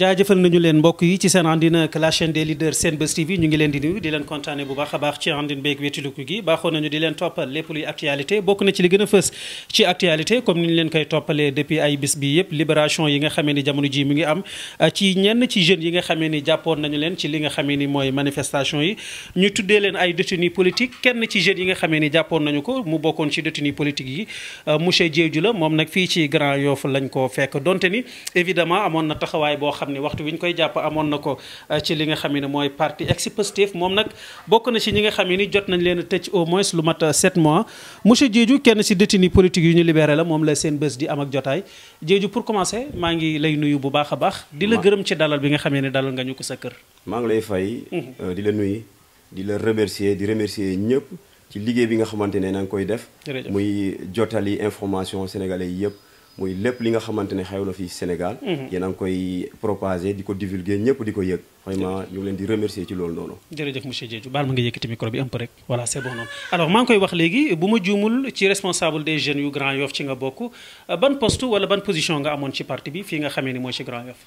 jaajëfal nañu leen mbokk yi ci seen àndin ak la des leaders Senbuzz TV ñu ngi leen di nuyu di leen kontaane bu baax a baax ci àndin beeg wétiluku gi baaxoo nañu di leen toppal lépp luy actualité bokk na ci li gën a fës ci actualité comme ni ñu leen koy toppalee depuis ay bis bi yëpp libération yi nga xamee ni jamono ji mi ngi am ah, ci ñenn ci jeunes yi nga xamee ni jàppoon nañu leen ci li nga xamee ni mooy manifestation yi ñu tuddee leen ay détenus ah, la moom nag fii ci xam waxtu wi ñu koy jàpp amoon na ko euh, ci li nga xam ne mooy parti ex moom nag bokk na ci ñi nga xam ni jot nañ leen tëj au moins lu mat 7 euh, mois monsieur Diédhiou kenn si détenu politique yu ñu libéré la moom la seen bés di am ak jotaay Diédhiou pour commencer maa ngi lay nuyu bu baax a baax di la gërëm ci dalal bi nga xam ne dalal nga ñu ko sa kër maa ngi lay fay mhm. euh, di la nuyu di la remercier di remercier ñëpp ci liggéey bi nga xamante ne na koy def muy jotali information sénégalais yëpp muy lépp li nga xamante ne xew na fi Sénégal mhm. yéen a ngi koy propager di ko divulguer ñëpp di ko yëg vraiment ñu ngi leen di ci loolu noonu jërëjëf monsieur ma nga yëkkati koy wax léegi bu ma juumul ci responsable des jeunes yu Grand Yoff ci nga bokk euh, ban poste wala ban position nga amoon ci parti bi fii nga xamee ni mooy ci Grand Yoff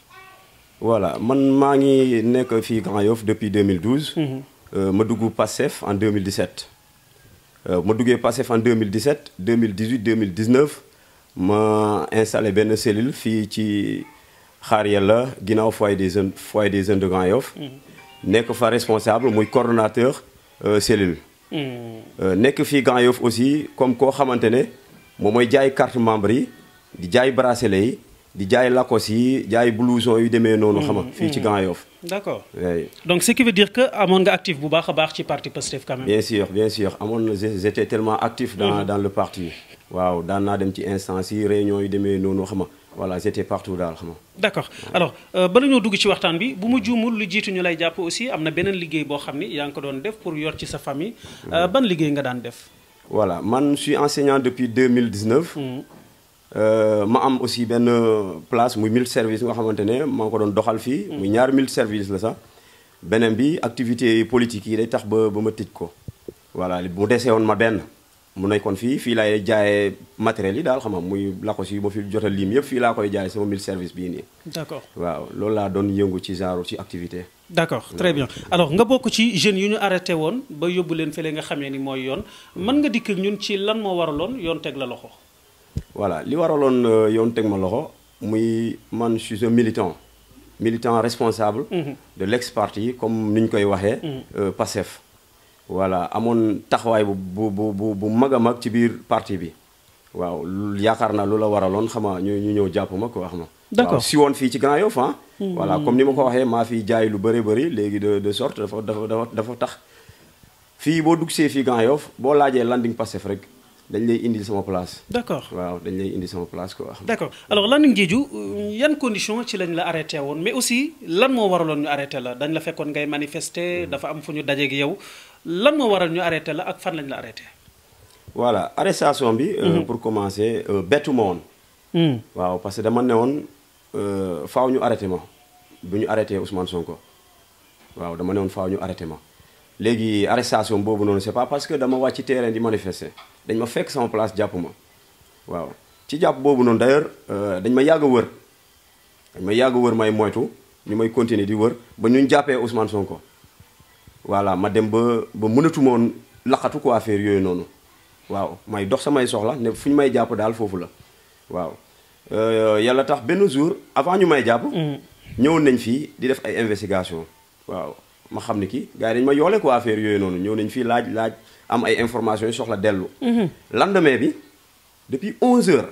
voilà man maa ngi nekk fii Grand Yoff depuis mhm. euh, ma dugg Pastef en euh, ma duggee Pastef en ma installé benn cellule fii ci xaar yàlla ginnaaw fois des jeunes fois des jeunes de Grand Yoff mm. nekk fa responsable muy coordonnateur euh, cellule mm. euh, nekk fii Grand Yoff aussi comme koo xamante ne moom mooy jaay carte membre yi di jaay bracelet yi di jaay lakos yi jaay blouson yu demee noonu. Mm, xam nga fii ci mm. Grand Yoff. d'accord donc ce qui veut dire que amoon nga actif bu baax a baax ci parti Pastef quand même. bien sûr bien sûr amoon na j'étais tellement actif. dans mm-hmm. dans le parti. waaw daan naa dem ci instance yi réunion yu demee noonu xam nga voilà j'étais partout daal xam nga. d'accord alors euh, bala dugg ci waxtaan bi bu mu juumul lu jiitu ñu lay jàpp aussi am na benn liggéey boo xam ne yaa ngi ko doon def pour yor ci sa famille. Euh, mm-hmm. ban liggéey nga daan def. voilà man je suis enseignant depuis 2019. Euh, ma am aussi benn euh, place muy mille service nga xamante ne maa ngi ko doon doxal fii. Mm. muy ñaar mille service la sax. beneen bi activité politique yi day tax ba ba ma tij ko. voilà mu dese woon ma benn. mu nekkoon fii fii laay jaayee matériel yi daal xam nga muy lakos yi ma fi jot a lim yëpp fii laa koy jaay sama mille service bii nii. d'accord waaw loolu laa doon yëngu ci genre ci activité. d'accord très bien alors nga bokk ci jeunes yu ñu arrêté woon ba yóbbu leen fële nga xamee ni mooy yoon mm. mën nga dikk ñun ci lan moo waraloon yoon teg la loxo. voilà li waraloon euh, yoon teg ma loxo muy man je suis un militant militant responsable mhm. de l'ex-parti comme ni ñu koy waxee mhm. euh, Pastef voilà amoon taxawaay bu bu bu bu mag a mag ci biir parti bi waaw yaakaar naa lu la waraloon xam nga ñu ñëw jàpp ma ko wax ma d'accord si woon fii ci Grand Yoff ah mhm. voilà comme ni ma ko waxee maa fi jaay lu bëri bëri léegi de de sorte dafa dafa dafa dafa tax fii boo dugsee fii Grand Yoff boo laajee landing Pastef rek dañ lay indi sama place. d' accord waaw dañ lay indi sama place ko d' accord alors Landing Ndiédiou euh, yan condition ci lañ la arrêté woon mais aussi lan moo waraloon ñu arrêté la dañ la fekkoon ngay manifester hmm. dafa am fu ñu gi yow lan moo waral ñu arrêté la ak fan lañ la arrêté. voilà arrestation bi. Euh, hmm. pour commencer euh, bettu ma woon. Hmm. waaw parce que dama ne woon faaw ñu arrêté ma bu ñu arrêté Ousmane Sonko waaw dama ne woon faaw ñu arrêté ma. léegi arrestation boobu noonu c'est pas parce que dama wàcc terrain di manifester dañ ma fekk sama place jàpp ma waaw ci jàpp boobu noonu d'ailleurs euh, dañ ma yàgg a wër dañ ma yàgg a wër may moytu ñu may continuer di wër ba ñu jàppee Ousmane Sonko voilà ma dem ba ba mënatuma laqatu ko affaire yooyu noonu waaw may dox samay soxla ne fu ñu may jàpp daal foofu la waaw euh, yàlla tax benn jour avant ñu may jàpp mm. ñëwoon nañ fii di def ay investigation waaw ma xam ne kii gars yi dañ ma yoole quoi affaire yooyu noonu ñëw nañ fii laaj laaj am ay information yu soxla dellu mhm. lendemain bi depuis 11 heures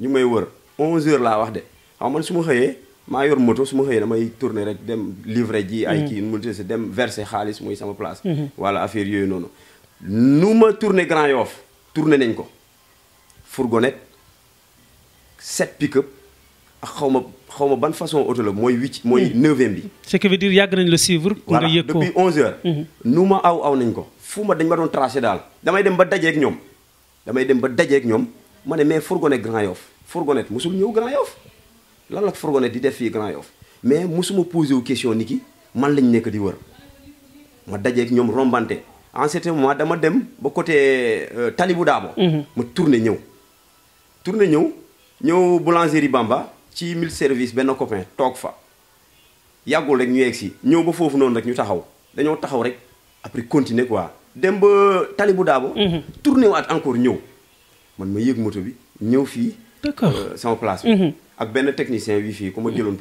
ñu may wër 11 heures laa wax de xam man su ma xëyee maa yor moto su ma xëyee damay tourner rek dem livrer ji ay mhm. kii multi si dem verser xaalis mooy sama place wala mhm. affaire yooyu noonu nu ma tourner Grand Yoff tourner nañ ko fourgonnette sept pick-up ak xaw ma xaw ma ban façon oto mooy huit mooy neuvième bi. ce qui veut dire yàgg nañ la suivre. pour nga depuis onze heures. Mhm. nu ma aw aw nañ ko. fu ma dañ ma doon tracé daal damay dem ba dajeek ñoom damay dem ba dajeeg ñoom ma ne mais fourgonnette Grand Yoff fourgonnette mosul ñëw Grand Yoff lan la fourgonnette di def fii Grand Yoff mais mosuma posé wu question ni ki man lañ nekk di wër ma dajeeg ñoom rombante en ce moment dama dem ba côté euh, Talibou Dabo mhm. ma tourné ñëw tourné ñëw ñëw boulangerie Bamba ci mille service benn copain toog fa yàggul rek ñu yegg si ñëw ba foofu noonu rek ñu taxaw dañoo taxaw rek après continuer quoi dem ba Talibou Dabo mhm. tourné waat encore ñëw man ma yéeg moto bi ñëw fii d'accord euh, sama place bi mhm. ak benn technicien wifi ku mhm.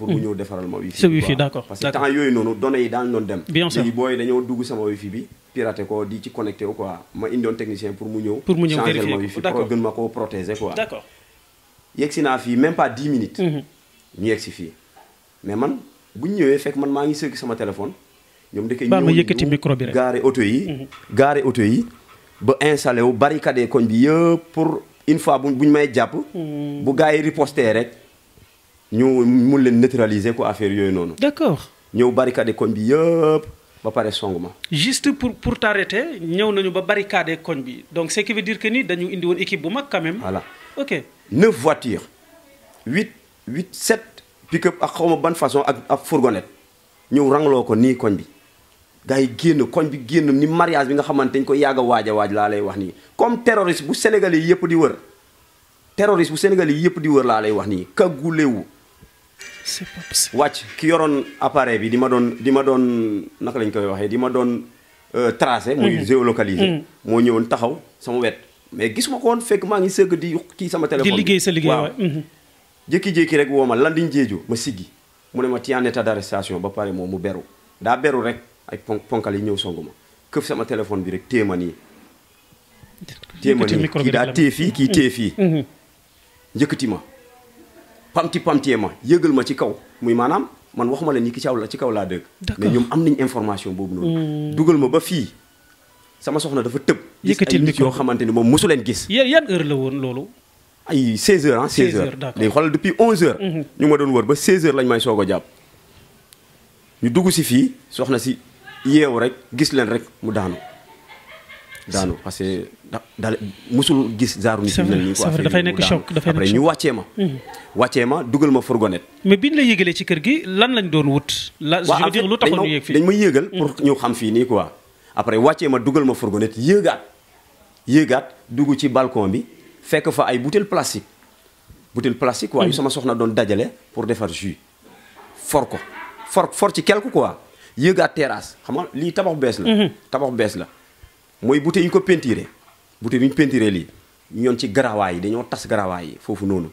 parce que temps yooyu noonu données yi daan doon dem bien sûr booy dañoo dugg sama wifi bi piraté ko di ci connecté wu quoi ma indoon technicien pour mu ñëw pour mu ñëw vérifier ma gën ma koo protéger quoi d'accord yegsi naa fii même pas dix minutes. Mhm. ñu yegsi fii mais man bu ñu ñëwee fekk man maa ngi sëgg sama téléphone. ñoom da koy ñëw yëkkati micro bi rek gaare oto yi. Mhm. gaare oto yi ba installé wu barricade koñ bi yëpp pour une fois bu ñu may jàpp. Mhm. bu gars yi riposté rek ñu mun leen neutraliser ko affaire yooyu noonu. d'accord ñëw barricade koñ bi yëpp. ba pare song ma. juste pour pour t'arrêter ñëw nañu ba barricade koñ bi donc ce qui veut dire que ni dañu indi woon équipe bu mag quand même. neuf voitures huit huit sept pick-up ak xawma ban façon ak ak fourgonet ñëw rangloo ko nii koñ bi gars yi génn koñ bi génn ni mariage bi nga xamante dañ ko yàgg a waaj waaj laa lay wax nii comme terroriste bu Sénégalais yi yëpp di wër terroriste bu Sénégalais yi yëpp di wër laa lay wax nii kaggulewu wàcc ki yoroon appareil bi di ma doon di ma doon naka lañ koy waxee di ma doon euh, tracé muy mm. géolocalisé mm. moo ñëwoon taxaw sama wet mais gisuma ko woon fekk maa ngi sëgg di kii sama téléphone di liggéey sa liggéey waaw mhm. jékki-jékki rek woo ma lan diñ jéeju ma siggi mu ne ma ci en d'arrestation ba pare moom mu beru daa beru rek ay pon ponkal yi ñëw songu ma këf sama téléphone bi rek téema nii téema nii kii daa téye fii kii téye mhm. fii njëkkati mhm. ma pamti pamtee ma yëgal ma ci kaw muy maanaam man waxuma la ni ki ci aw la ci kaw laa dëgg mais ñoom am nañ information boobu noonu dugal ma ba fii sama soxna dafa tëb. yëkkatil nit yoo xamante ni moom mosu leen gis. yan heure la woon loolu. ay 16h ah 16h. léegi xoolal mhm. ñu ma doon wër ba 16h lañ may soog a jàpp. ñu dugg si fii soxna si yeewu rek gis leen rek mu daanu. daanu parce que da daal mosul gis zaaru. nit mel nii quoi dafay nekk choc dafay nekk ñu wàccee ma. Mhm. wàccee ma dugal ma fourgonnette. mais bi biñ la yëgalee ci kër gi lan lañ doon wut. la je veux dire lu taxoon ñu yëg fii dañ ma yëgal pour ñu xam fii nii quoi. après wàccee ma dugal ma fourgonnette yéegaat yéegaat dugg ci balcon bi fekk fa ay bouteille plastique bouteille plastique waaye mm. sama soxna doon dajale pour defar jus for ko for for ci quelque quoi yéegaat terrasse xam nga lii tabax bees la mm-hmm. tabax bees la mooy bouteille yu ko peinturé bouteille yi ñu peinturé lii ñoon ci garaawaay yi dañoo tas garawaay yi foofu noonu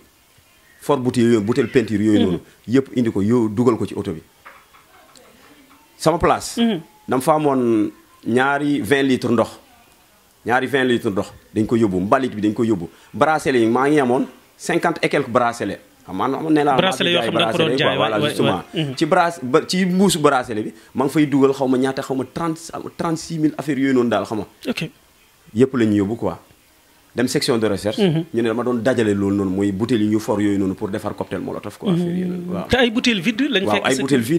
for bouteille yooyu bouteille yooyu mm-hmm. noonu yëpp indi ko yow dugal ko ci oto bi sama place mm-hmm. dama fa amoon ñaari vingt litre ndox ñaari 20 litres ndox dañ ko yóbbu mbalit bi dañ ko yóbbu bracelet yi maa ngi amoon 50 et quelques bracelet xam nga man nee naa. bracelet yoo xam ne da nga ko doon jaay voilà justement ci brace ci mbuusu bracelet bi maa ngi fay dugal xaw ma ñaata xaw ma 30 36 mille affaires yooyu noonu daal xam nga. ok yëpp la ñu yóbbu quoi. dem section de recherche. Mhm. ñu ne dama doon dajale loolu noonu mooy butéel yi ñu for yooyu noonu pour defar cocktail molotov quoi. Mhm. waaw te ay butéel vide lañ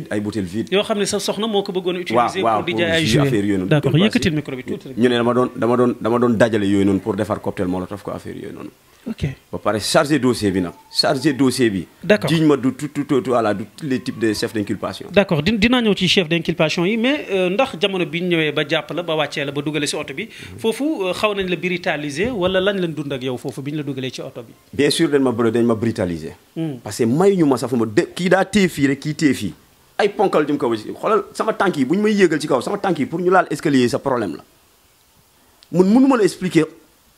ay butéel vide yoo xam ne sa soxna moo ko bëggoon utiliser. pour di jaay ay jouet affaire yooyu noonu. d'accord yëkkatil micro bi tuuti ñu ne dama doon dama doon dama doon dajale yooyu noonu pour defar cocktail molotov quoi affaire yooyu noonu. ok ba pare chargé dossier bi nag chargé dossier bi. d' accord jiñ ma du tout tout tout voilà du tous les types de chefs d' inculpation. d' dinaa ñëw ci chef d' inculpation yi mais euh, ndax jamono bi ñu ñëwee ba jàpp la ba wàccee la ba oto bi mhm. foofu euh, xaw nañ la brutaliser wala lañ leen dund ak yow foofu bi ñu la dugalee ci oto bi. bien sûr dañ ma bëri dañ ma brutaliser. Hmm. parce que mayuñu ma sax ma de kii daa téye fii rek kii téye fii ay ponkal jëm kaw xoolal sama tànk yi bu ñu may yéegal ci kaw sama tànk yi pour ñu laal escalier sa problème la mun mënu ma la expliquer.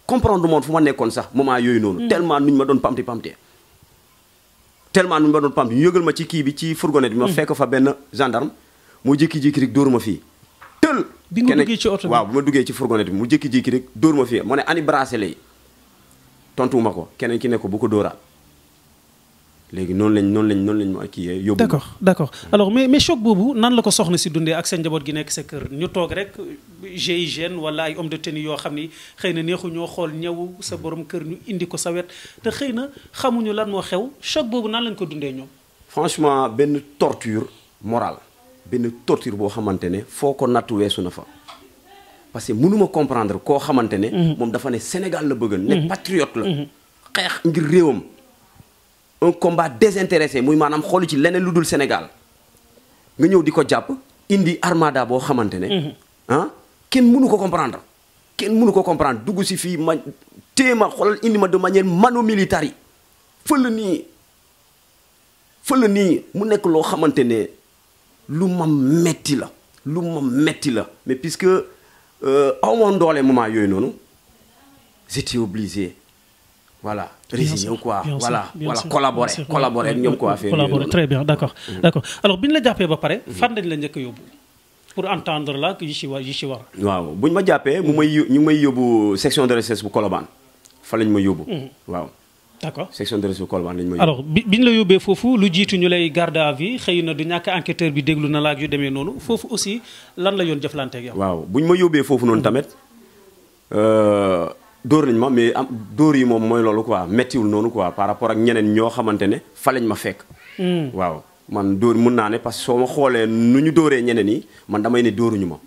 comprendre fu ma nekkoon sax moment yooyu noonu. Hmm. tellement nuñ ma doon pamti pamtee. tellement nuñ ma doon pamti ñu yëgal ma ci kii bi ci fourgonnette bi. ma hmm. fekk fa benn gendarme mu jékki-jékki rek dóor ma fii. tël bi nga duggee ci oto bi bu ma duggee ci fourgonnette bi mu jékki-jékki rek dóor ma fii ma ne ani bracelet yi tontuwuma ko keneen ki ne bu ko dóoraat. léegi noonu lañ noonu lañ noonu lañ ma kii yóbbu. d' accord d' accord alors mais mais choc boobu nan la ko soxna si dundee ak seen njaboot gi nekk sa kër ñu toog rek GIGN walla ay homme de tenue yoo xam ni xëy na neexu ñoo xool ñëw sa borom kër ñu indi ko sa wet te xëy na xamuñu lan moo xew choc boobu nan lañ ko dundee ñoom. franchement benn torture morale benn torture boo xamante ne foo ko nattu weesu na fa parce que mënuma comprendre koo xamante ne. Mhm. moom dafa ne Sénégal la bëgg. ne mhm. patriote la. Mhm. xeex ngir réewam. un combat désintéressé muy maanaam xoolu ci leneen lu dul Sénégal nga ñëw di ko jàpp indi armada boo xamante ne. Mhm. Ah, kenn mënu ko comprendre. kenn mënu ko comprendre dugg si fii ma téema xoolal indi ma de manière mano-militari yi fël nii fël nii mu nekk loo xamante ne lu ma metti la. lu ma metti la mais puisque euh, aw ma doole moment yooyu noonu j'étais obligé. voilà résigné wu quoi voilà voilà ñoom quoi. collaborer très bien d'accord mm-hmm. d'accord alors bi ñu la jàppee ba pare. Mm-hmm. fan lañ la njëkk yóbbu. pour entendre la yi ci war yi ci war. waaw bu ñu ma jàppee mu may ñu may yóbbu section de recherche bu Colobane fa lañ ma yóbbu. Mm-hmm. waaw. d'accord section de recherche bu Colobane lañ alors bi bi ñu la yóbbee foofu lu jiitu ñu lay garde à vie xëy na du ñàkk enquêteur bi déglu na la ak yu demee noonu foofu aussi lan la yoon jëflante ak waaw bu ñu ma yóbbee foofu noonu tamit. Euh, dóor nañ ma mais am dóor yi moom mooy loolu quoi méttiwul noonu quoi par rapport ak ñeneen ñoo xamante ne fa lañ ma fekk. Hmm. waaw man dóor mun naa ne parce que soo ma xoolee nu ñu dóoree ñeneen yi man damay ne dóoruñu ma.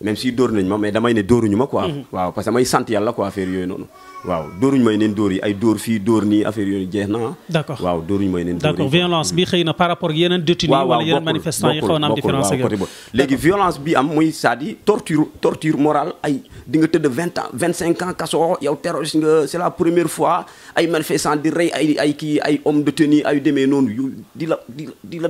même si dóor nañ ma mais damay ne dóoruñu ma quoi. Mm-hmm. waaw parce que damay sant yàlla quoi affaire yooyu noonu. waaw dóoruñu may neen dóor yi ay dóor fii dóor nii affaire yooyu jeex na ah. d' accord waaw dóoruñu may neen dóor yi d' accord violence bi mm-hmm. xëy na par rapport ak yeneen détenu wala yeneen manifestant yi xaw na am différence ak léegi violence cest nga tëdd vingt ans vingt cinq ans kaso yow la première fois ay manifestant di rey ay ay kii ay homme de tenue ay demee noonu yu di la di di la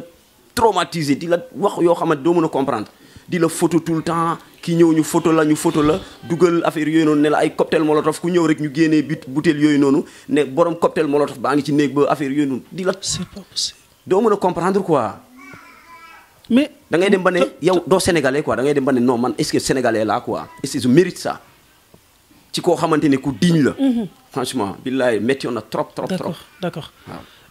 traumatiser di la wax yoo xamante doo mën a comprendre di la photo tout le temps ki ñëw ñu photo la ñu photo la dugal affaire yooyu noonu ne la ay cocktail molotov ku ñëw rek ñu génnee bit butéel yooyu noonu ne borom cocktail molotov baa ngi ci néeg ba affaire yooyu noonu di la. c'est pas possible doo mën a comprendre quoi. mais da ngay dem ba ne yow doo sénégalais quoi da ngay dem ba ne non man est-ce que sénégalais laa quoi est-ce mérite ça ci koo xamante ne ku diñ la. Mm-hmm. franchement billaay méttiwoon na trop trop trop. d'accord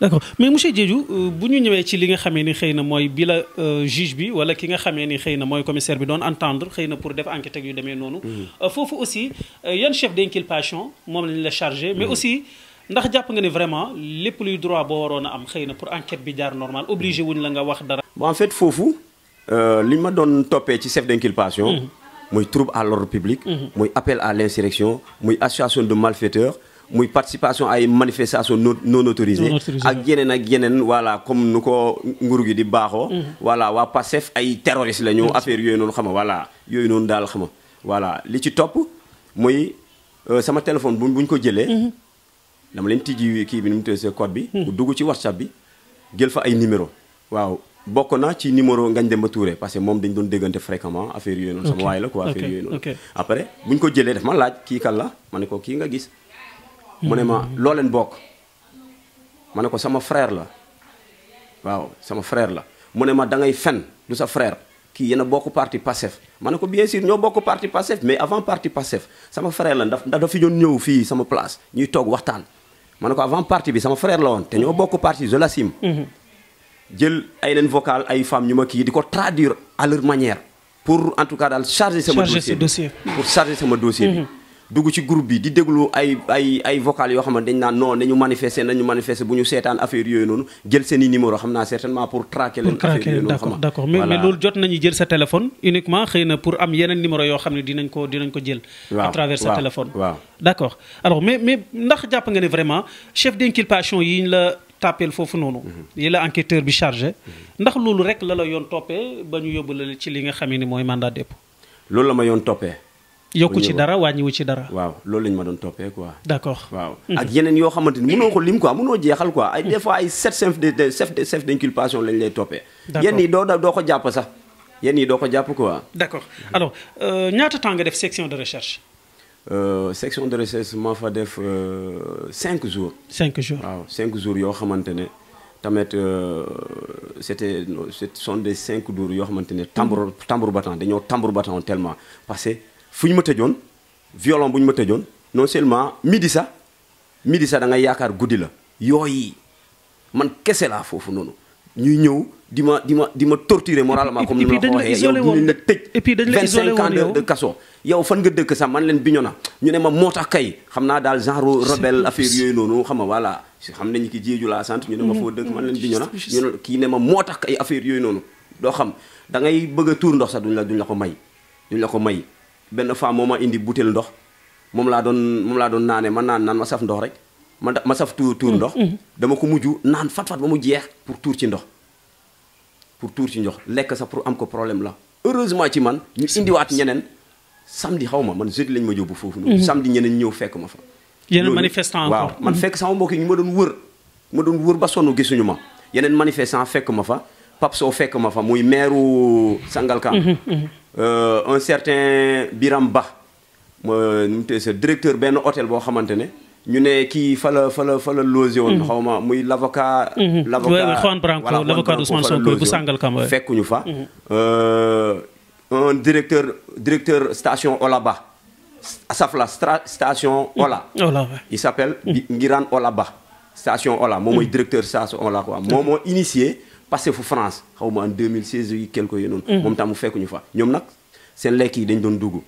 d'accord mais monsieur Diédhiou euh, bu ñu ñëwee ci li nga xamee ni xëy na mooy bi la euh, juge bi wala ki nga xamee ni xëy na mooy commissaire bi doon entendre xëy na pour def enquête ak yu demee noonu. Mm. Euh, foofu aussi yan chef d'inculpation moom lañ la chargé. mais mm. aussi ndax jàpp nga ni vraiment lépp luy droit boo waroon a am xëy na pour enquête bi jaar normal obligé wuñ la nga wax dara. bon en fait foofu li ma doon toppee ci chef d'inculpation. muy mm-hmm. trouble à l'ordre public. muy mm-hmm. appel à l'insurrection muy association de malfaiteurs. muy participation ay manifestation non non autorisée ak yeneen ak yeneen voilà comme nu ko nguur gi di baaxoo mm-hmm. voilà waa Pastef ay terroriste la ñu affaire yooyu noonu xam nga voilà yooyu noonu daal xam nga voilà li ci topp muy euh, sama téléphone bu buñ ko jëlee mm-hmm. dama leen tijji kii bi nu mu tudd code bi bu mm-hmm. dugg ci whatsapp bi jël fa ay numéro waaw bokk naa ci numéro Ngagne Demba Touré parce que moom dañ doon déggante fréquemment affaire yooyu noonu sama waay la quoi affaire yooyu noonu après buñ ko jëlee daf ma laaj kii kan la ma ne ko kii nga gis mu ma loo leen bokk ma ne ko sama frère la waaw sama frère la mu ne ma da ngay fen du sa frère kii yéen a bokk parti Pastef ma ne ko bien sûr ñoo bokk parti Pastef mais avant parti Pastef sama frère la ndax dafa fi doon ñëw fii sama place ñuy toog waxtaan ma ne ko avant parti bi sama frère la woon te ñoo bokk parti je l'assume mhm. jël ay nen vocal ay femmes ñu ma kii di ko traduire à leur manière pour en tout cas daal charger sama dossier pour charger sama do dugg ci groupe bi di déglu ay ay ay vocal yoo xam ne dañ naan non ñu manifester nañu manifester bu ñu seetaan affaire yooyu noonu jël seeni i numéro xam naa certainement pour traquer leen affaire yooyu noonu jot nañu jël sa téléphone uniquement xëy na pour am yeneen numéro yoo xam ne dinañ ko dinañ ko jël à travers sa téléphone waaw d'accord alors mais mais ndax jàpp nga ne vraiment chef d'inculpation yi ñu la tàppeel foofu noonu mhm. yi la enquêteur bi chargé mhm. ndax loolu rek la la yoon toppee ba ñu yóbbu la ci li nga xam ne mooy mandat dépôt loolu la ma yoon toppee yokku ci dara waa wàññiwu ci dara. waaw loolu lañ ma doon toppee quoi. waaw. Mm. ak yeneen yoo xamante ni mënoo ko lim ko mënoo jeexal ko ay mm. des fois ay sept chef de de chef d'inculpation lañ lay toppee. d'accord yenn yi doo doo ko jàpp sax yenn yi doo ko jàpp quoi. d'accord mm. alors euh, ñaata temps nga def section de recherche. Euh, section de recherche maa fa def euh, cinq jours. cinq jours waaw cinq jours yoo xamante ne tamit c'était ce sont des cinq jours yoo xamante ne tambour tambour battant dañoo tambour battant tellement parce fu ñu ma tëjoon violon bu ñu ma tëjoon non seulement midi sax midi sax da ngay yaakaar guddi la yooyu man kese laa foofu noonu ñuy ñëw di ma di ma di ma torturer moralement comme ni ma la ko waxee yow la tëj vingt cinq ans de kaso yow fan nga dëkk sax man leen biño na ñu ne ma moo tax kay xam naa daal genre rebelle affaire yooyu noonu xam ma voilà xam nañu ki jéeju laa sant ñu ne ma mm-hmm. foo dëkk man leen biño na ñu kii ne ma moo tax kay affaire yooyu noonu doo xam dangay ngay bëgg a ndox sax duñ la duñ la ko may duñ la ko may benn femme moom ma indi butéel ndox moom laa doon moom laa doon naanee ma naan naan ma saf ndox rek ma ma saf tuur tuur mm, ndox. Mm. dama ko mujj naan fat-fat ba mu jeex pour tuur ci ndox pour tuur ci ndox lekk sa pour am ko problème la heureusement ci man. ñu indiwaat ñeneen samedi xaw ma man jeudi lañ ma yóbbu foofu. noonu mm-hmm. samedi ñeneen ñëw fekk ma fa. yeneen manifestant waaw man mm-hmm. fekk sama mbokk yi ma doon wër ma doon ba sonn gisuñu ma yeneen manifestant fekk ma fa. Pape Sow fekk ma fa muy sangal Sangalkam mhm, mhm. euh, un certain Biram Ba ma nu mu directeur benn hôtel boo xamante ne ñu ne kii fa la fa la fa woon mhm. xaw ma muy lavoca l'avocat Juan Branco l'avocat d'Ousmane Sonko bu Sangalkam fekkuñu fa euh, un directeur directeur station Olaba Safla station Ola mm, il s'appelle mm. Ngiran ba station Ola moo mooy mm. directeur station Ola quoi moom moo initié passé fu France xaw ma en 2016 yi quelque yu noonu. Mm. moom tam mu fekk fa ñoom nag seen lekk yi dañ doon dugg.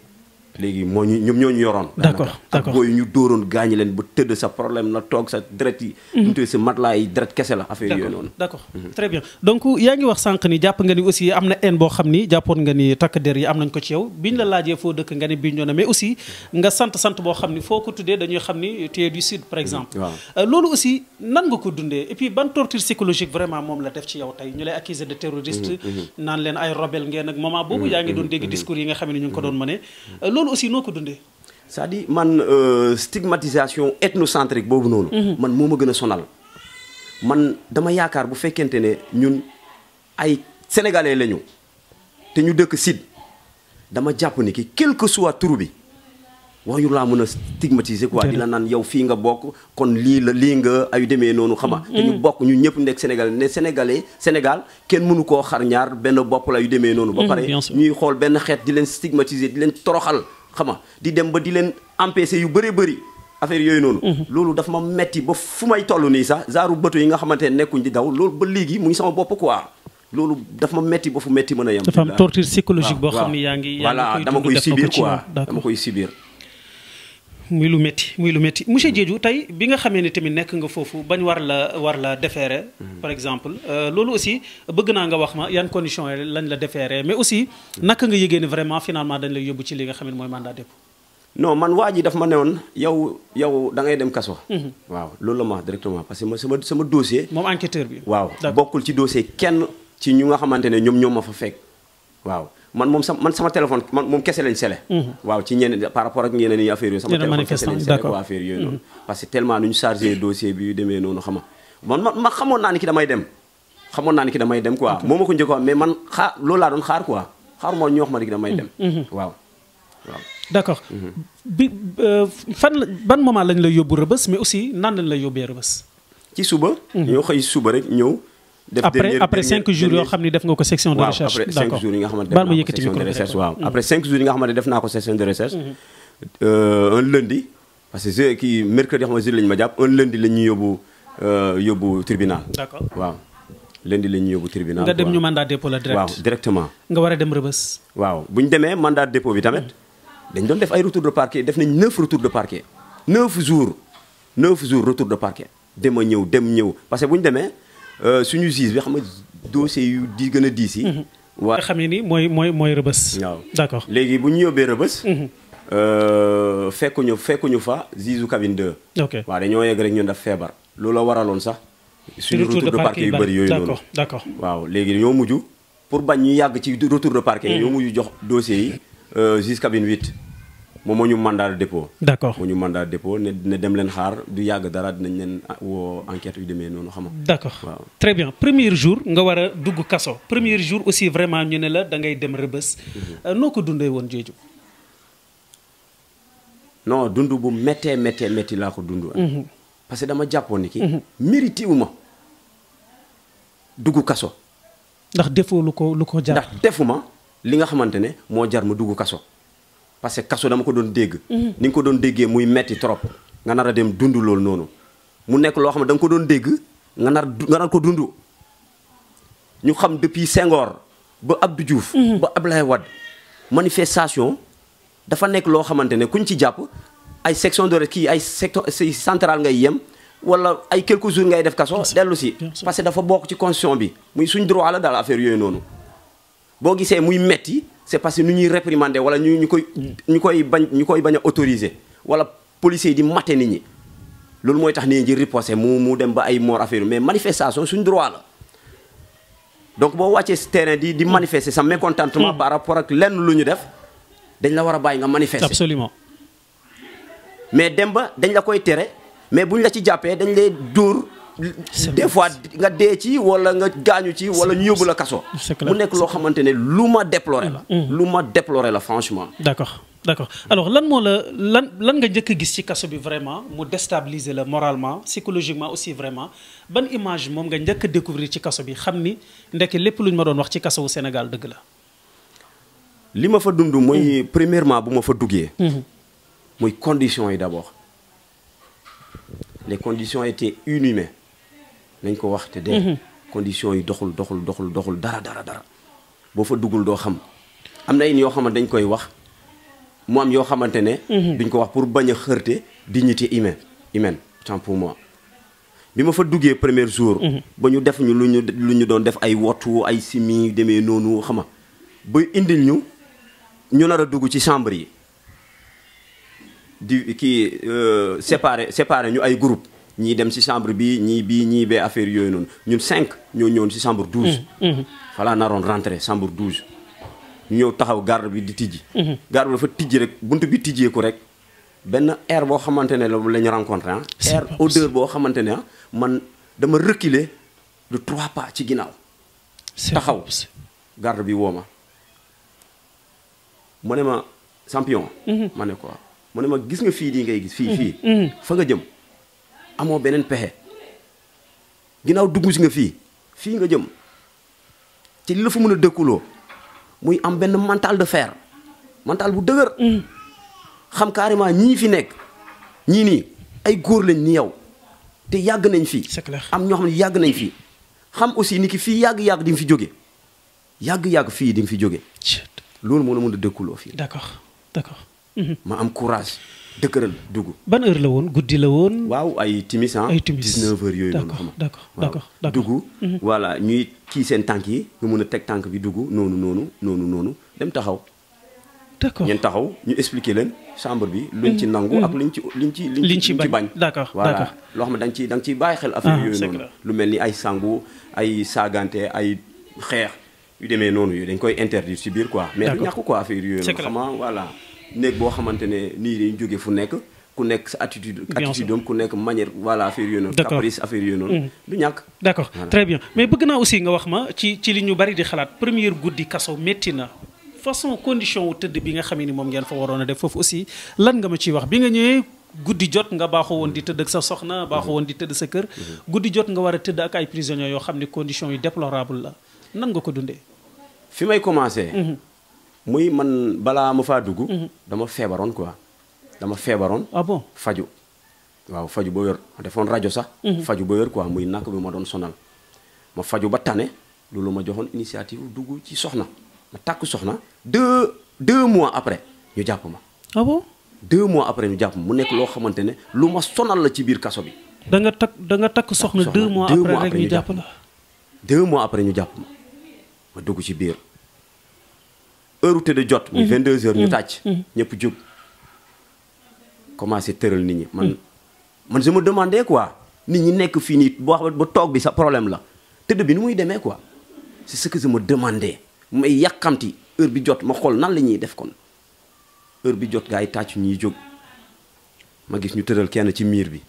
léegi moo ñu ñoom ñoo ñu yoroon. d'accord ñu dóoroon gaañ leen ba tëdd sa problème na toog sa deret yi. Mhm. ñu tëdd sa matelas yi deret kese la affaire yooyu noonu. d'accord mhm. très bien donc yaa ngi wax sànq ni jàpp nga ni am na haine boo xam ni jàppoon nga ni takk der yi am nañ ko ci yow biñ la laajee foo dëkk nga ni Bignona mais aussi nga sant sant boo xam foo ko tuddee ni tu es du par mhm, exemple. Euh, loolu aussi nan ko dundee et puis ban torture psychologique vraiment moom loolu aussi noo ko dundee. c'est-à-dire man euh, stigmatisation ethnocentrique boobu noonu. Mhm. man moo ma gën a sonal. man dama yaakaar bu fekkente ne ñun ay sénégalais lañu te ñu dëkk Sine dama jàpp ni ki quel que soit tur bi war ñu laa mën a stigmatiser quoi. di la naan yow fii nga bokk kon lii la lii nga ay demee noonu xama te mhm. ñu bokk ñu ñëpp nekk sénégalais ne sénégalais Sénégal kenn mënu koo xar ñaar benn bopp la yu demee noonu. ba mhm, pare ñuy xool benn xeet di leen stigmatiser di leen toroxal. xam nga di dem ba di leen empêcher yu bëree bëri affaire yooyu noonu. Mhm. loolu daf ma metti ba fu may toll nii sax zaaru bëtu yi nga xamante ne nekkuñ di daw loolu ba léegi mu ngi sama bopp quoi. loolu daf ma metti ba fu metti mën a yem. dafa am torture psychologique boo xam yaa ngi. yaa ngi koy dund def ko ci koy subir quoi dama koy subir. muy lu métti muy lu métti monsieur Diédhiou tey bi nga xamee ne tamit nekk nga foofu bañ war la war la déférer mm. par exemple euh, loolu aussi bëgg naa nga wax ma yan condition yi lañ la déférer mais aussi mm. naka nga yëgee ne vraiment finalement dañ lay yóbbu ci li nga xam ne mooy mandat dépôt non man waa ji daf ma newoon yow yow da ngay dem kaso mm-hmm. waaw loolu la ma directement parce sama sama moom enquêteur bi waaw bokkul ci dossier kenn ci ñu nga xamante ne ñoom ñoom ma fa waaw man moom sama man sama téléphone man moom kese lañ sele mhm. waaw ci ñeneen par rapport ak ñeneen yi affaire yooyu sama téléphone kese lañ sele waaw affaire mhm. noonu parce que tellement nu ñu chargé dossier bi yu demee noonu xama man ma xamoon naa ni ki damay dem xamoon naa ni ki damay dem quoi moo ma ko njëkkoon mais man xaar loolu laa doon xaar ni ki damay dem mhm. waaw waaw bi euh, fan ban moment lañ lay yóbbu rëbës mais aussi nan lañ lay yóbbee rëbës ci suba ñoo xëy suba rek ñëw def après après cinq jours yoo xam ne def nga ko section de recherche d' accord baal ma yëkkati micro bi waaw après cinq jours yi nga xamante def naa ko section de recherche mhm. euh, un lundi parce que je kii mercredi xam nga jeudi lañu ma jàpp un lundi la ñuy yóbbu euh, yóbbu tribunal d'accord waaw lundi la ñuy yóbbu tribunal nga dem ñu mandat dépôt la direct waaw directement nga war a dem rëbës waaw bu ñu demee mandat dépôt bi tamit dañ doon def ay retour de parquet def nañ neuf retour de parquet neuf jours neuf jours retour de parquet dem a ñëw dem ñëw parce que bu ñu demee Euh, suñu juge bi xam nga dossier yu di gën a diis yi. Mhm. waaw xam ne ni mooy mooy mooy rëbës. waaw d'accord léegi bu ñu yóbbee rëbës. Mhm. Euh, fekkuñu fekkuñu fa juge cabine 2. ok waaw dañoo yegg rek ñun daf feebar. loolu waraloon sax. suñu retour de parquet yu bëri yooyu noonu d'accord waaw léegi ñoo mujj pour bañ ñu yàgg ci retour de parquet. Mhm. ñoo mujj jox dossier yi juge cabine 8. moom moo ñu mandat de dépôt. ñu mandat de dépôt ne ne dem leen xaar du yàgg dara dinañ leen woo enquête yu demee noonu xam nga. d' accord waaw très bien premier jour nga war a dugg kaso première jour aussi vraiment ñu ne la dangay ngay dem rëbës. Mhm. Euh, noo ko dundee woon jooju. non dund bu méttee méttee métti laa ko dund. Mhm. parce que dama jàppoon ni ki. Mhm. mérité wu ma dugg kaso. ndax defoo lu ko lu ko jar. ndax defuma li nga xamante ne moo jar ma dugg kaso. parce que kaso dama ko doon dégg. Mhm. ni nga ko doon déggee muy metti trop nga nar a dem dundu loolu noonu mu nekk loo xam ne da ko doon dégg nga nar nga nar ko dundu ñu xam depuis Senghor ba Abdou Diouf. Mhm. ba Abdoulaye Wade manifestation dafa nekk loo xamante ne kuñ ci jàpp ay section de kii ay secteur centrale ngay yem wala ay quelques jours ngay def kaso dellu si parce que dafa bokk ci constitution bi muy suñ droit la daal affaire yooyu noonu boo gisee muy metti c'est parce que nu ñuy réprimander wala ñu ñu koy ñu koy bañ ñu koy bañ a wala policiers yi di mate nit ñi loolu mooy tax nit ñi di mu mu dem ba ay mort affaire mais manifestation suñ droit la donc boo wàccee si terrain di di manifester sa mécontentement par rapport ak lenn lu ñu def dañ la war a bàyyi nga manifester. absolument mais dem ba dañ la koy tere mais buñ la ci jàppee dañ lay dóor. des fois nga dee ci wala nga gaañu ci wala ñu yóbbu la kaso mu nekk loo xamante ne lu ma déploré la mm. lu ma déploré la franchement d'accord d'accord alors lan moo la lan lan nga njëkk gis ci kaso bi vraiment mu déstabiliser la moralement psychologiquement aussi vraiment ban image moom nga njëkk a découvrir ci kaso bi xam ni ndekk lépp lu ñu ma doon wax ci kaso wu Sénégal dëgg la li ma fa dund mooy mm. premièrement bu ma fa duggee mm-hmm. mooy conditions yi d'abord les conditions étaient inhumaines nañ ko wax te de mhm. condition yi doxul doxul doxul doxul dara dara dara boo fa duggul doo xam am na yenn yoo xam xamante dañ koy wax mu am yoo xamante ne mhm. duñ ko wax pour bañ a xërte dignité humaine humaine tant pour moi bi ma fa duggee première jour mhm. ba ñu def ñu lu ñu lu ñu doon def ay wottu ay simi demee noonu xama ba indil ñu ñu nar a dugg ci chambre yi di kii euh, séparé séparé ñu ay groupe ñii dem si chambre bi ñii bii ñii bee affaire yooyu noonu ñun cinq ñoo ñëwoon si chambre douze mm, mm. falaa naroon rentré chambre douze ñu ñëw taxaw garde bi di tijji mm-hmm. garde bi dafa tijji rek bunt bi tijjee ko rek benn air boo xamante ne la la ñu rencontré ah air odeur boo xamante ne ah, man dama reculer de trois pas ci ginnaaw taxaw garde bi woo ma mu ne ma champion mm-hmm. ma ne quoi mu ne ma gis nga fii di ngay gis fii fii mm-hmm. fa nga jëm amoo beneen pexe ginnaaw dugg si nga fii fii nga jëm te li la fa mën a dëkkuloo muy am benn mantal de fer mantal bu dëgër. Mm. xam carrément ñii fi nekk ñii nii ay góor lañ ni yow te yàgg nañ fii c'est clair am ñoo xam ne yàgg nañ fi. xam aussi ni ki fii yàgg-yàgg di fi jóge yàgg-yàgg fii di fi jóge loolu moo la mën a dëkkuloo fii. d'accord d'accord. Mm-hmm. ma am courage. dëkkëral dugg. ban heure la woon guddi la woon. waaw ay timis ah ay timis yooyu noonu. xam nga d'accord d'accord d'accord dugg. Mhm. voilà ñuy kii seen tànk yi nga mën a teg tànk bi dugg noonu noonu noonu noonu dem taxaw. d'accord ñeen taxaw ñu expliquer leen chambre bi. luñ ci mhm. nangu ak mhm. luñ ci luñ ci liñ ci bañ. d'accord voilà loo xam ne da ciy da nga ciy bàyyi xel affaire ah, yooyu noonu. lu mel ni ay sangu ay saagante ay xeex yu demee noonu yooyu dañ koy interdire ci biir quoi. mais du ñàkk quoi affaire yooyu noonu. c'est clair néeg boo xamante ne niir yi ñu jóge fu nekk ku nekk sa attitude attitude ku nekk manière voilà affaire yooyu noonu caprice affaire yooyu noonu mm-hmm. du ñàkk d'accord très bien mais bëgg naa aussi nga wax ma ci ci li ñu bari di xalaat première guddi kaso métti na façon condition wu tëdd bi nga xam ni moom ngeen fa waroon a def foofu aussi lan nga ma ciy wax bi nga ñëwee guddi jot nga baaxoo woon di tëdd ak sa soxna mm-hmm. baaxoo woon di tëdd sa kër mm-hmm. guddi jot nga war a tëdd ak ay prisonniers yoo xam ne conditions yu déplorable la nan ko dundee muy man balaa ma faa dugg. Mhm. dama feebaroon quoi dama feebaroon. ah bon faju waaw faju ba yor ma defoon rajo sax. Mhm. faju ba wér quoi muy nàkk bi ma doon sonal. ma faju ba tane loolu ma joxoon initiative dugg ci soxna ma takk soxna deux deux mois après ñu jàpp ma. ah bon mois après ñu jàpp mu nekk loo xamante ne lu ma sonal la ci biir kaso bi. da nga takk da nga takk soxna deux mois après rek ñu jàpp la deux mois après ñu jàpp ma ma dugg ci biir. heure te de jot. muy mm-hmm. 22h ñu mm-hmm. tàcc. Mm-hmm. ñëpp jub commencé tëral nit ñi man. man je me demandais quoi nit ñi nekk fii nii boo ba toog bi sa problème la tëdd bi nu muy demee quoi c'est ce may yàkkamti heure bi jot ma xool nan la ñuy def kon heure bi jot gaa yi tàcc ñuy jóg ma gis ñu tëral kenn ci miir bi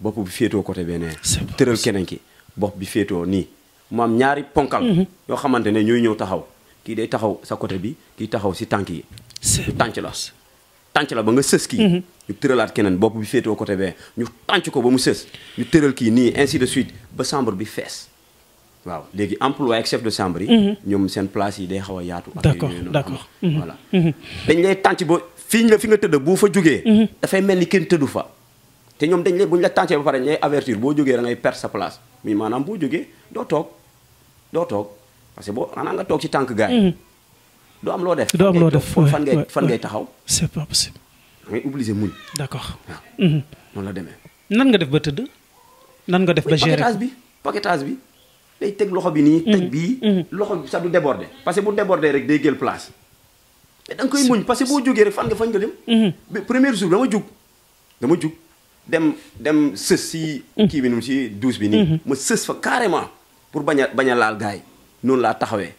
bopp bi féetoo côté beneen tëral keneen ki bopp bi féetoo nii mu am ñaari ponkal yoo xamante ne ñooy ñëw taxaw kii day taxaw sa côté bi kii taxaw si tànk yi. tànc la tànc la ba nga sës kii. Mhm. ñu tëralaat keneen bopp bi féetoo côté bee ñu tànc ko ba mu sës ñu tëral kii nii ainsi de suite ba chambre bi fees. waaw léegi emploi ak chef de chambre yi. Mhm. ñoom seen place yi day xaw a yaatu. ak yooyu d'accord mhm. voilà. dañ lay tànc ba fii la fi nga tëdd bu fa jógee. dafay mel ni kenn tëddu fa. te ñoom dañ lay bu ñu la tàncee ba pare dañ lay avertir boo jógee da ngay perdre sa place muy maanaam boo jógee doo toog doo toog. parce que boo xanaa nga toog ci tànk gars yi. Mm-hmm. doo am loo def. doo am loo def fan ngay fan ngay taxaw. c'est pas possible. da ngay mm-hmm. la demee. nan nga def ba tëdd. nan nga def ba gérer paquetage bi paquetage bi. day teg loxo bi nii. Mm-hmm. teg bii. loxo bi sax du déborder. parce que bu déborder rek day gël place. mais da koy muñ parce que boo jógee rek fan nga fan nga dem. premier jour dama jug dama jug dem dem sës si. kii bi nu bi nii. ma sës fa carrément pour bañ baña laal gars noonu laa taxawee.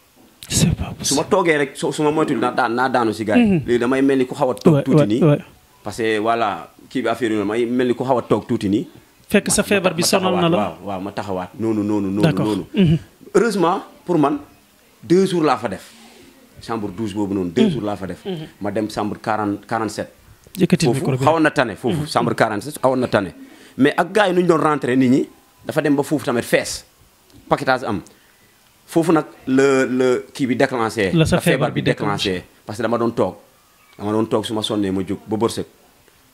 su ma toogee rek su ma moytuwul naa daan naa daanu si gars yi. Mhm. léegi damay mel ni ku xaw a toog tuuti nii. parce que voilà kii bi ni ku xaw toog tuuti nii. fekk sa feebar bi sonal na la waaw ma taxawaat noonu noonu. noonu noonu ma mhm. pour man deux jours laa fa def. chambre 12 boobu noonu. deux mhm. jours laa fa def. ma dem chambre 40 47. yëkkati micro bi xawoon na tane foofu chambre 47 xawoon na tane. mais ak gars yi nu ñu doon nit ñi dafa dem ba foofu tamit fees paquetage am. foofu nag la la kii bi déclenché. la sa feebar bi déclenché parce que dama doon toog dama doon toog su ma sonnee ma jóg ba bërsëg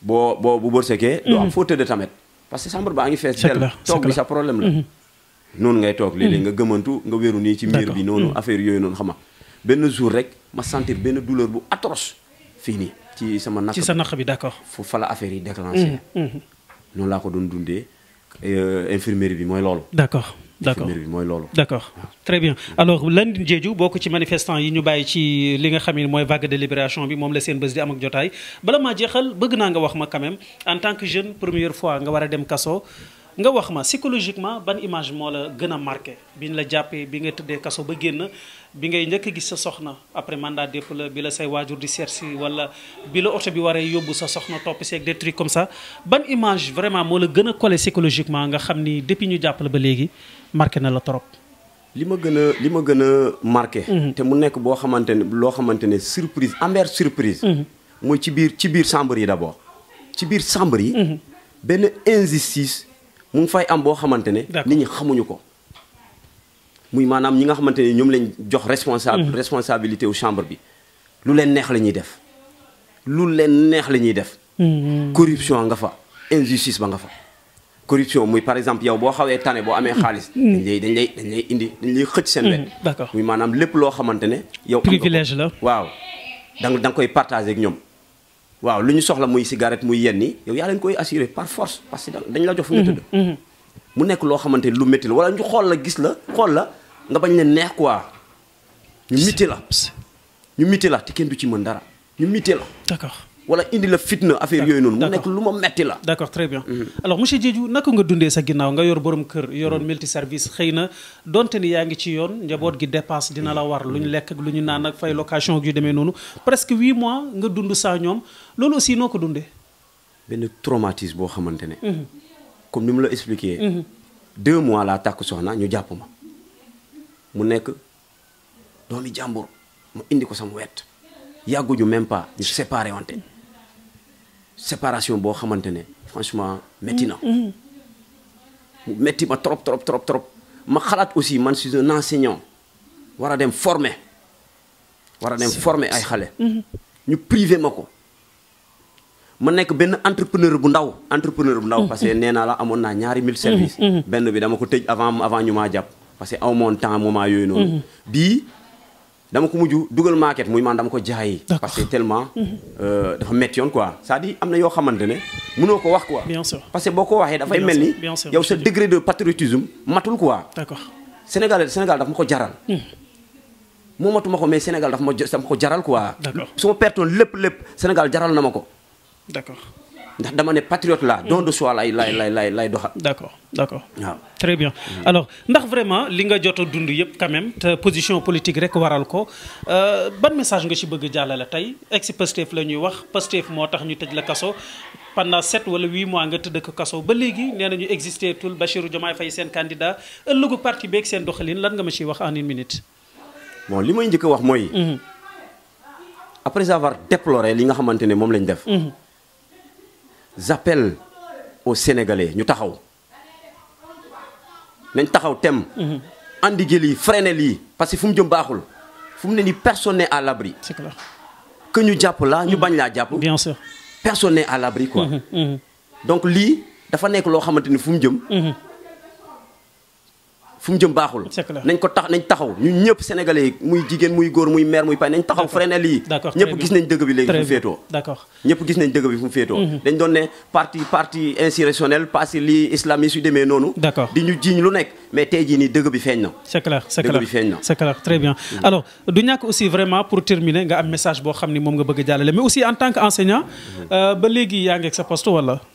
boo boo bu bërsëgee. doo am mhm. foo tëdd tamit parce que chambre baa ngi fees. del toog bi sa problème la. Mhm. noonu ngay toog léeg mhm. nga gëmantu nga wéeru nii ci miir bi noonu affaire yooyu noonu xam nga benn jour rek ma sentir benn douleur bu atroce fii nii ci sama naq sa naq bi d'accord fu fa la affaire yi déclenché noonu laa ko doon dundee euh, infirmerie bi mooy loolu d'accord d'accord mbir mooy loolu d'accord très bien alors Landing Diédhiou bokk ci manifestant yi ñu bàyyi ci li nga xam ne mooy vague de libération bi moom la seen bés di am ak jotaay bala maa jeexal bëgg naa nga wax ma quand en tant que jeune première fois nga war a dem kaso nga wax ma psychologiquement ban image moo la gën a marqué bi ñu la jàppee bi nga tëddee kaso ba génn bi ngay njëkk gis sa soxna après mandat dépp la bi la say waajur di seet si wala bi la oto bi waree yóbbu sa soxna topp seeg des trucs comme ça ban image vraiment moo la gën a collé psychologiquement nga xam ni depuis ñu jàpp la ba léegi marqué na la trop. li ma gën a li ma gën a marqué. Mhm. te mu nekk boo xamante ne loo xamante ne surprise amère surprise. Mhm. mooy ci biir ci biir chambre yi d'abord. ci biir chambre yi. Mhm. mu ngi fay am boo xamante ne. nit ñi xamuñu ko. muy maanaam ñi nga xamante ne ñoom lañ jox responsa mm-hmm. responsabilité wu chambre bi lu leen neex la ñuy def lu leen neex la ñuy def. Mm-hmm. corruption nga fa injustice ba nga fa. corruption muy par exemple yow boo xawee tane boo amee xaalis. Mm-hmm. dañ lay dañ lay dañ indi dañ lay xëcc seen wet. muy maanaam lépp loo xamante ne. yow privilège la waaw da danga koy partagé ak ñoom. waaw lu ñu soxla muy cigarette muy yenn yi yow yaa leen koy assuré par force parce que dañ la jox fu nga mhm, tëdd mhm. mu nekk loo xamante ni lu métti la wala ñu xool la gis la xool la nga bañ leen neex quoi ñu miti la ñu miti la te kenn du ci mën dara ñu miti la d'accord wala indi la fitna affaire yooyu noonu. mu nekk lu ma metti la. d' accord très bien. Mhm. alors monsieur Diédhiou naka nga dundee sa ginnaaw nga yor borom kër yoroon mhm. multi service xëy na donte ni yaa ngi ci yoon njaboot gi dépasse dina la mhm. war lu ñu lekk lu ñu naan ak fay location yu demee noonu presque huit mois nga dund saa ñoom loolu aussi noo ko dundee. benn traumatisme boo xamante ne. comme ni mu la expliqué. deux mois laa tàkk soxna ñu jàpp ma mu nekk doomi jàmbur mu indi ko sama wet yàgguñu même pas ñu séparation boo xamante ne franchement métti na. métti mm-hmm. mm-hmm. ma trop trop trop trop ma xalaat aussi man suis si enseignant war a dem former. war a dem former ay xale. Mm-hmm. ñu privé ma ko. ma nekk benn entrepreneur bu ndaw entrepreneur bu ndaw parce que nee naa la amoon naa ñaari mille services. benn bi dama ko tëj avant avant ñu maa jàpp parce que aw moon temps moment yooyu noonu. bii dama ko mujj dugal market muy man dama ko jaayi. parce que euh, dafa métti yoon quoi cest am na yoo xamante ne mënoo ko wax ko bien sûr parce que boo ko waxee dafay mel ni. yow sa degré de patriotisme matul quoi. d'accord Sénégal Sénégal daf ma ko jaral. Hmm. moomatuma ko mais Sénégal daf ma ko jaral quoi. d'accord su ma pertoon lépp lépp Sénégal jaral na ma ko. d'accord. ndax dama ne patriote la don de doxal. d' accord d' accord waaw. très bien mm. ndax vraiment li nga jot a dund yëpp quand même te position politique rek waral ko euh, ban message nga ci bëgg a jàllale tey ex Pastef la ñuy wax Pastef moo tax ñu tëj la kaso. pendant 7 wala 8 mois nga tëdd ko kaso ba léegi nee nañu existé tul Bassirou Diomaye Faye seen candidat ëllëgu parti beeg seen doxalin lan nga ma ci wax en une minute. li may njëkk a wax mooy. Mhm. après avoir déploré li nga xamante ne moom lañ def. Mhm. j'appelle aux Sénégalais ñu taxaw nañ taxaw tem endiguer mhm. lii freiner lii parce que fu mu jëm baaxul fu ne ni personne n'est à l'abri c'est clair que ñu jàpp la ñu bañ laa jàpp bien sûr personne n'est à l'abri mhm, mhm. lii dafa nekk loo xamante ni fu mu jëm fu mu jëm baaxul nañ ko tax nañ taxaw ñun ñëpp sénégalais yi muy jigéen muy góor muy mère muy pay nañ taxaw freiné lii ñëpp gis nañ dëgg bi léegi fu mu féetoo d'accord ñëpp gis nañ dëgg bi fu féetoo mhm. dañ doon ne parti parti insurrectionnel parti lii islamiste yu demee noonu d'accord di ñu jiiñ lu nekk mais tey jii nii dëgg bi feeñ na c'est dëgg bi feeñ na c'est clair très bien mhm. alors du ñàkk aussi vraiment pour terminer nga am message boo xam ni moom nga bëgg a jàllale mais aussi en tant qu'enseignant mhm. euh, ba léegi yaa ngi ak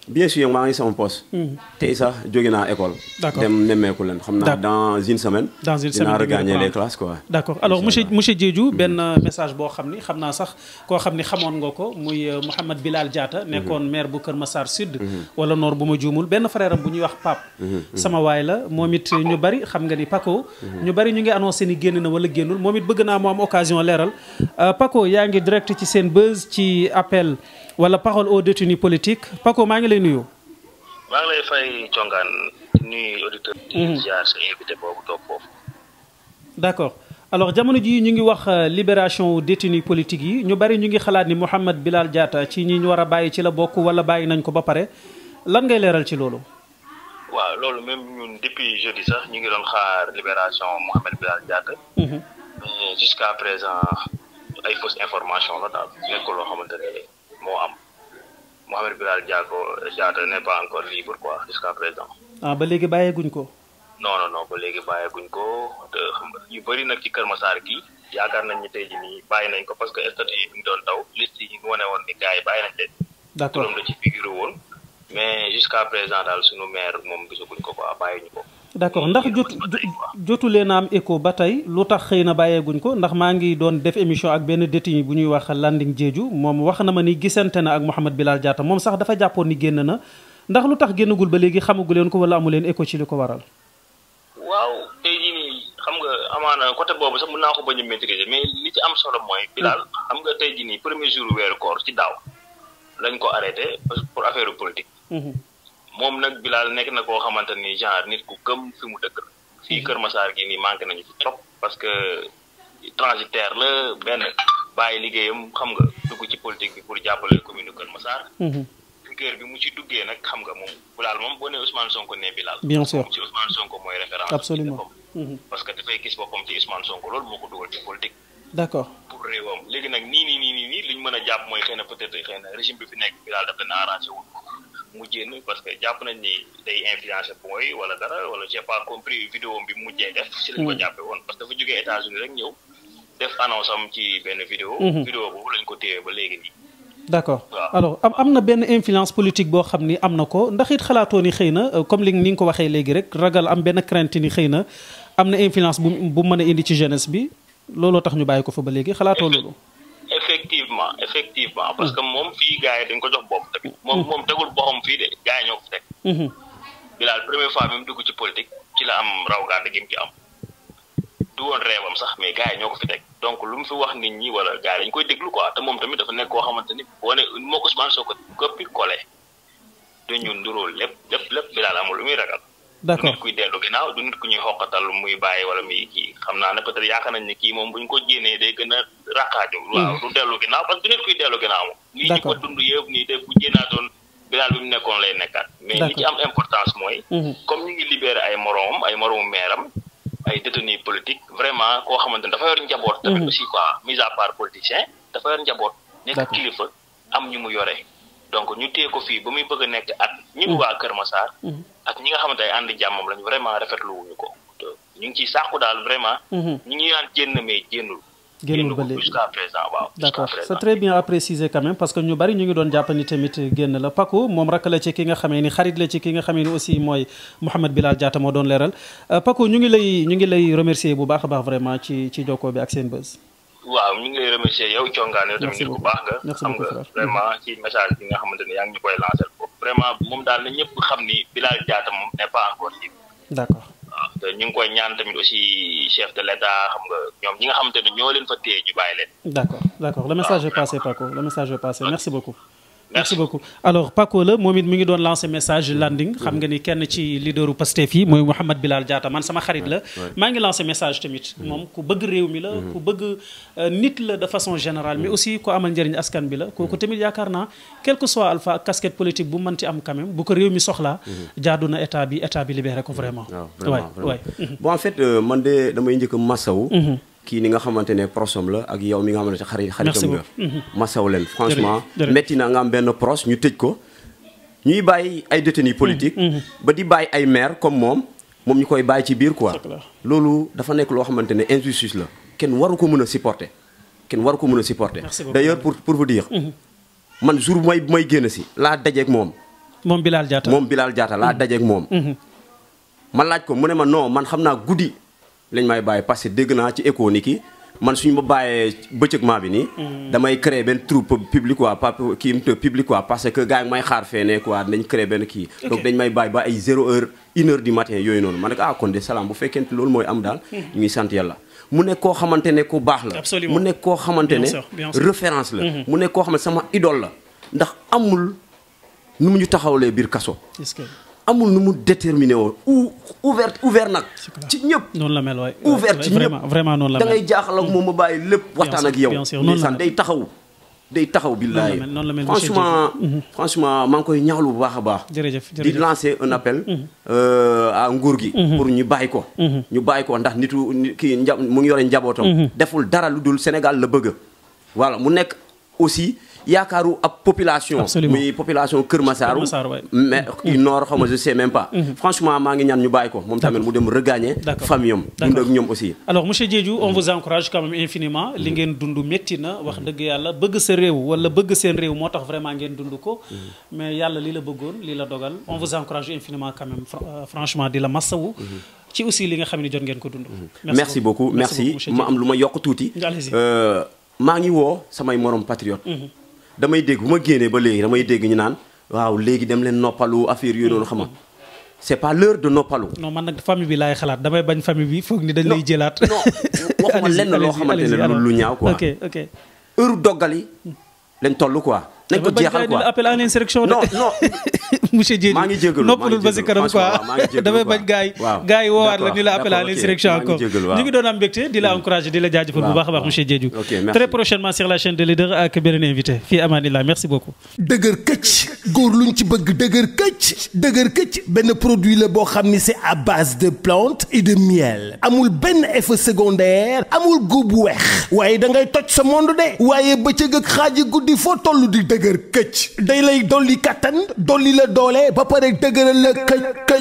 bien sûr maa ngi sama poste. Hmm. tey sax jóge naa école. dem nemmeeku leen xam naa dans une semaine. dans une semaine dinaa regagner les classes quoi. d' accord alors hmm. benn euh, message boo xam ni xam naa sax koo xam ni xamoon nga ko muy euh, Mouhamed Bilal jaata hmm. nekkoon maire bu Kër Massar Sud. wala noor bu ma juumul benn frère bu ñuy wax Pape. sama waay la moom it ñu bari xam nga ni Paco. ñu bari ñu ngi annoncé ni génn na wala génnul moom it bëgg naa mu am occasion leeral euh, Paco yaa ngi direct ci Senbuzz ci appel. wala parole aux détenus politiques Paco maa ngi lay nuyu. maa ngi lay fay congaan nuyu auditeur mhm. di ziar sa invité boobu toog foofu. d'accord alors jamono jii ñu ngi wax euh, libération détenus politiques yi ñu bari ñu ngi xalaat ni Mouhamed Bilal Diatta ci ñi ñu war a bàyyi ci la bokk wala bàyyi nañ ko ba pare lan ngay leeral ci loolu. waaw loolu même ñun depuis jeudi sax ñu ngi doon xaar libération Mouhamed Bilal Diatta. Mhm. mais présent ay fausse information la daal nekkul loo xamante ne Mohamed Bilal Diako Diatta n'est pas encore libre quoi jusqu'à présent. ah ba léegi bàyyeeguñ ko. non non non ba léegi bàyyeeguñ ko te yu bëri nag ci Kër ma saar ki yaakaar nañ ni tey jii nii bàyyi nañ ko parce que statut yi ñu doon daw liste yi ñu wane woon ni gars yi bàyyi nañ leen. d'accord turam la ci figure woon mais jusqu'à présent daal sunu maire moom gisaguñ ko bàyyee ñu ko. d'accord ndax jot jotu leen am écho ba tey lu tax xëy na bàyyeeguñ ko ndax maa ngi doon def émission ak benn détenu bu ñuy wax Landing Jeeju moom wax na ma ni gisante na ak Mouhamed Bilal Diatta moom sax dafa jàppoon ni génn na ndax lu tax génnagul ba léegi xamagu leen ko wala amu leen écho ci li ko waral. waaw tey jii nii xam nga amaana côté boobu sax mën naa ko bañ a mais li ci am solo mooy. Bilal hmm. xam nga tey jii nii premier jour weeru ci daaw lañ ko arrêté pour affaire moom nag Bilal nekk na koo xamante ni genre nit ku gëm fi mu dëkk la mhm. Kër Massar gi nii manqué nañu fi trop parce que transitaire la benn bàyyi liggéeyam xam nga dugg ci politique bi pour jàppale commune Kër Massar. figure mhm. bi mu ci duggee nag xam nga moom Bilal moom boo nee Ousmane Sonko nee Bilal. bien sûr ci absolument mhm. parce que dafay gis boppam ci Ousmane Sonko loolu moo ko dugal ci politique. d'accord pour réewam léegi nag nii nii nii nii nii li ñu mën a jàpp mooy xëy na peut xëy na régime bi fi nekk Bilal daf leen mu génn parce que jàpp nañ ni day influencer booy wala dara wala j'ai pas compris vidéo bi mu mujjee def. si lañ ko mm. jàppee woon parce que dafa jógee États-Unis rek ñëw def annonce am ci benn vidéo. Mm-hmm. vidéo boobu lañ ko téye ba léegi nii. d'accord alors am am na benn influence politique boo xam ni am na ko ndax it xalaatoo ni xëy na euh, comme li ni nga ko waxee léegi rek ragal am benn crante ni xëy na am na influence bu bu mën a indi ci jeunesse bi looloo tax ñu bàyyi ko fa léegi xalaatoo effectivement effectivement hmm. parce que moom fii gars yi dañ ko jox bopp tamit moom hmm. moom tegul boppam de hmm. bilaal première fois bi mu dugg ci politique ci la am raw gaande gi mu ci am du woon reebam sax mais gars yi ñoo ko fi teg donc lu mu fi wax nit ñi wala gars a dañ koy déglu quoi te moom tamit dafa nekk koo xamante ni boo ne moo ko Ousmane Sonko coppi collé dañu nduróol lépp bilaal amul lu muy d'accord du nit kuy dellu ginnaaw du nit ku ñuy xoqatal muy bàyyi wala muy kii xam naa ne peut être yaakaar nañ ne kii moom bu ko génnee day gën a raqaajo. Hmm. waaw du dellu ginnaaw parce que du nit kuy dellu ginnaaw moom. lii ñu ko dund yëpp nii de mu nekkoon lay nekkaat. mais li ci am importance mooy. Hmm. comme ñu ngi libéré ay moroomam ay moroomu meeram ay détenus politique vraiment koo xamante ne dafa yor njaboot. Hmm. tamit aussi quoi mise à part politicien dafa yor njaboot. nekk kilifa am ñu mu yore. donc ñu téye ko fii ba muy bëgg a nekk at ñun mm. waa Kër Massar. Mm. ak ñi nga xamante ne ànd jàmmam lañ vraiment rafetlu wuñu ko. ñu ngi ciy sàkku daal vraiment. Mm-hmm. ñu ngi daan génn mais génnul. génnul ba léegi jusqu'à présent waaw. d'accord c'est très bien à préciser que ñu bari ñu ngi doon jàpp ni tamit génn la Paco moom rakk la ci ki nga xamee ni xarit la ci ki nga xamee ni aussi mooy Mouhamed Bilal Diatta moo doon leeral euh, Paco ñu ngi lay ñu ngi lay remercier bu baax a baax vraiment ci ci jokkoo bi ak seen bës. waaw ñu ngi lay remercier yow congaan yow tamit nit baax nga xam nga message bi nga xamante ne yaa ngi koy lancer foofu vraiment moom daal na ñëpp xam ni Bilal Diatta moom n'est pas encore libre d'accord waaw te ñu ngi koy ñaan tamit aussi chef de l'État xam nga ñoom ñi nga xamante ne ñoo leen fa téye ñu bàyyi leen d'accord d'accord le message est passé Paco le message est merci beaucoup merci beaucoup alors Paco la moom it mi ngi doon lancé message landing xam nga ni kenn ci leaderu Pastef yi mooy Mouhamed Bilal Diatta man sama xarit la maa ngi lancé message tamit mm-hmm. moom ku bëgg réew mi la mm-hmm. ku bëgg euh, nit la de façon général mais mm-hmm. aussi ko amal njëriñ askan bi la kooku tamit yaakaar naa quel que soit alpha ak casquette politique bu mënti am quand même bu ko réew mi soxlaa jaadu na état bi état bi libéré ko vraiment waaw waaw bon en fait euh, man de damay njëkk kii ni nga xamante ne proche am la ak yow mi nga xamante ne xarit xaritam nga mhm. masaw leen franchement métti na nga am benn proche ñu tëj ko ñuy bàyyi ay détenus politiques mhm, mhm. ba di bàyyi ay maire comme moom moom ñu koy bàyyi ci biir quoi loolu dafa nekk loo xamante ne injustice la kenn waru ko mën a supporter kenn waru ko mën a supporter d'ailleurs pour pour vous dire man jour bu may may génn si laa dajeeg moom moom Bilal Diatta moom Bilal Diatta laa dajeeg moom ma laaj ko mu ne ma non man lañ may bàyyi parce que dégg naa ci écho ni ki man suñu ma bàyyee bëccëgment bi nii. damay créer benn troupe public quoi pa kii public parce que gars yi may xaar fee ne quoi dañ créer benn kii. donc dañ may bàyyi ba ay zéro heure une heure du matin yooyu noonu ma ne ko ah kon de salaam bu fekkente loolu mooy am daal. Hmm. ñuy sant yàlla. mu nekk koo xamante ne ku baax la. mu nekk koo xamante ne référence la. Hmm. mu nekk koo xamante sama idole la ndax amul nu mu ñu taxawlee biir kaso. amul nu mu déterminé woon ou ouvert ouvert nag. ci ñëpp noonu la mel waay ouvert ci ñëpp vraiment noonu la mel da ngay jaaxal ak moom ma bàyyi lépp waxtaan ak yow. ndeysaan day taxaw day taxaw billaay franchement mhm. franchement maa ngi koy ñaawlu bu baax a baax. di lancer un mhm. appel. Mhm. Euh, à nguur gi. pour ñu bàyyi ko. ñu bàyyi ko ndax nit kii nja mu ngi yore njabootam. deful dara lu dul Sénégal la bëgg. voilà mu nekk aussi. yaakaaru ab population muy population Kër Massar mais nord xaw ma je sais même pas mm-hmm. franchement maa ngi ñaan ñu bàyyi ko moom tamit mu dem regagner famille am dund ak ñoom aussi alors monsieur Diédhiou on vous encourage quand infiniment li mm-hmm. ngeen dund métti na wax dëgg yàlla bëgg sa réew wala bëgg seen réew moo tax vraiment ngeen dund ko mm-hmm. mais yàlla lii la bëggoon lii la dogal on vous encourage infiniment quand même euh, franchement di la massawu ci aussi li nga xam ne jot ngeen ko dund merci beaucoup merci ma am lu ma yokk tuuti euh, maa ngi woo samay morom patriote damay dégg bu ma génnee ba léegi damay dégg ñu naan waaw léegi dem leen noppalu affaire yooyu noonu xam nga c'est pas l'heure de noppalu. non man nag famille bi laay xalaat damay bañ famille bi foog ni dañ lay jëlaat. non waxuma lenn loo xamante ne lu ñaaw quoi. ok ok heure doggali lañ toll quoi. nañ ko jeexal quoi appel à monsieur Diédhiou maa ngi jégalu noppalul ba si dafay bañ gars yi gars yi la ni la appelé à l'insurrection encore ñu ngi doon am mbégte di la mm. encouragé di la jaajëfal bu baax a baax monsieur Diédhiou très prochainement sur la chaîne de leader ak beneen invité fii Amanillah merci beaucoup dëgër këcc góor luñ ci bëgg dëgër këcc dëgër këcc benn produit la boo xam ni c'est à base de plantes et de miel amul benn effet secondaire amul góob weex waaye da ngay toj sa monde de waaye bëccëg ak xaaji guddi foo toll di dëgër këcc day lay dolli kattan dolli la doole ba pare dëgëral la këj këj